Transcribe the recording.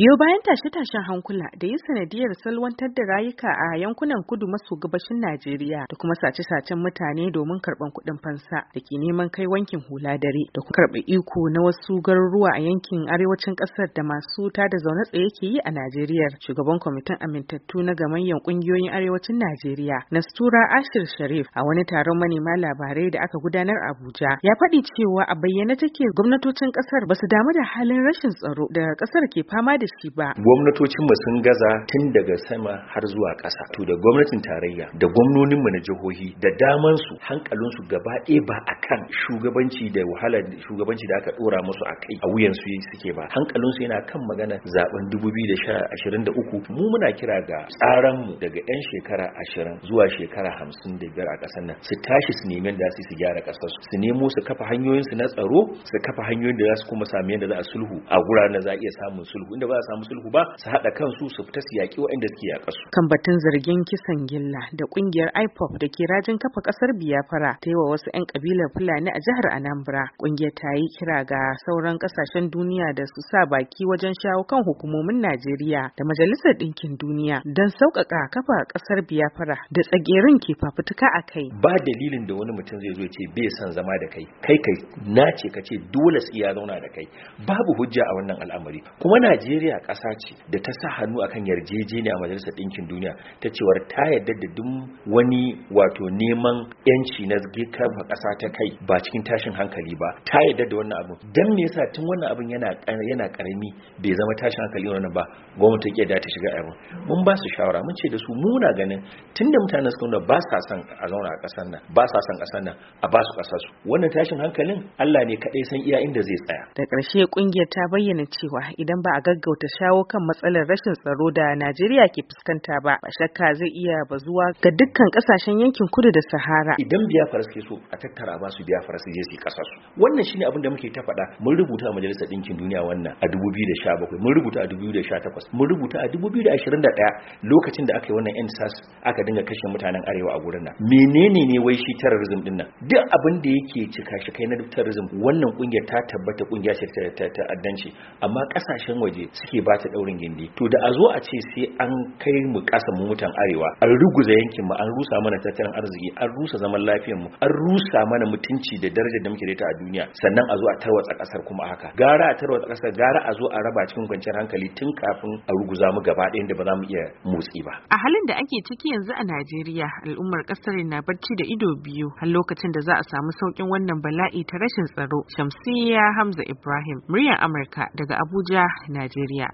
biyo bayan tashe-tashen hankula da yin sanadiyar salwantar da rayuka a yankunan kudu maso gabashin Najeriya da kuma sace-sacen mutane domin karban kuɗin fansa da ke neman kai wankin hula dare da kuma karɓi iko na wasu garuruwa a yankin arewacin ƙasar da masu tada zaune tsaye ke yi a Najeriya. Shugaban kwamitin amintattu na gamayyan ƙungiyoyin arewacin Najeriya Nastura Ashir Sharif a wani taron manema labarai da aka gudanar a Abuja ya faɗi cewa a bayyane take gwamnatocin ƙasar ba su damu da halin rashin tsaro da ƙasar ke fama da da shi ba gwamnatocin mu sun gaza tun daga sama har zuwa ƙasa to da gwamnatin tarayya da gwamnonin mu na jihohi da daman su hankalin su gaba ɗaya ba akan shugabanci da wahala shugabanci da aka dora musu a kai a wuyan su suke ba hankalin su yana kan magana zaben 2023 mu muna kira ga tsaran mu daga yan shekara 20 zuwa shekara 55 a ƙasar nan su tashi su nemi da su su gyara ƙasar su su nemo su kafa hanyoyin su na tsaro su kafa hanyoyin da za su kuma sami yadda za a sulhu a guraren da za a iya samun sulhu inda ba a samu sulhu ba su haɗa kansu su fita su yaƙi waɗanda suke yaƙa su. Kan batun zargin kisan gilla da ƙungiyar IPOP da ke rajin kafa ƙasar Biyafara ta yi wa wasu 'yan ƙabilar Fulani a jihar Anambra. Ƙungiyar ta yi kira ga sauran ƙasashen duniya da su sa baki wajen shawo kan hukumomin Najeriya da Majalisar Ɗinkin Duniya don sauƙaƙa kafa ƙasar Biyafara da tsagerin ke fafutuka a kai. Ba dalilin da wani mutum zai zo ce bai san zama da kai, kai kai na ce ka ce dole su iya zauna da kai. Babu hujja a wannan al'amari. Kuma Najeriya Najeriya ƙasa ce da ta sa hannu akan yarjejeniya a Majalisar Ɗinkin Duniya ta cewar ta yarda da duk wani wato neman yanci na kafa ƙasa ta kai ba cikin tashin hankali ba ta yarda da wannan abu dan me yasa tun wannan abun yana yana karami bai zama tashin hankali wannan ba gwamnati ke da ta shiga abin mun ba su shawara mun ce da su muna ganin tunda mutanen su kuma ba sa son a zauna a ƙasar nan ba sa son ƙasar nan a ba su ƙasar su wannan tashin hankalin Allah ne kaɗai san iya inda zai tsaya da ƙarshe kungiyar ta bayyana cewa idan ba a gaggauta ta shawo kan matsalar rashin tsaro da Najeriya ke fuskanta ba, ba shakka zai iya bazuwa ga dukkan kasashen yankin kudu da Sahara. Idan Biafra suke so a tattara ba su Biafra su je su kasa su. Wannan shine abin da muke ta faɗa. Mun rubuta a Majalisar Ɗinkin Duniya wannan a 2017, mun rubuta a 2018, mun rubuta a 2021 lokacin da aka yi wannan NSAS aka dinga kashe mutanen arewa a gurin nan. Menene ne wai shi terrorism din nan? Duk abin da yake cika shi kai na terrorism wannan kungiyar ta tabbata kungiya ce ta ta'addanci amma kasashen waje suke ba ta daurin gindi to da a zo a ce sai an kai mu kasa mu mutan arewa an ruguza yankin mu an rusa mana tattalin arziki an rusa zaman lafiyar mu an rusa mana mutunci da darajar da muke da ita a duniya sannan a zo a tarwatsa kasar kuma haka gara a tarwatsa kasar gara a zo a raba cikin kwanciyar hankali tun kafin a ruguza mu gaba ɗayan da ba za mu iya motsi ba a halin da ake ciki yanzu a Najeriya al'ummar kasar na barci da ido biyu har lokacin da za a samu saukin wannan bala'i ta rashin tsaro Shamsiyya Hamza Ibrahim muryar Amurka daga Abuja Najeriya Nigeria.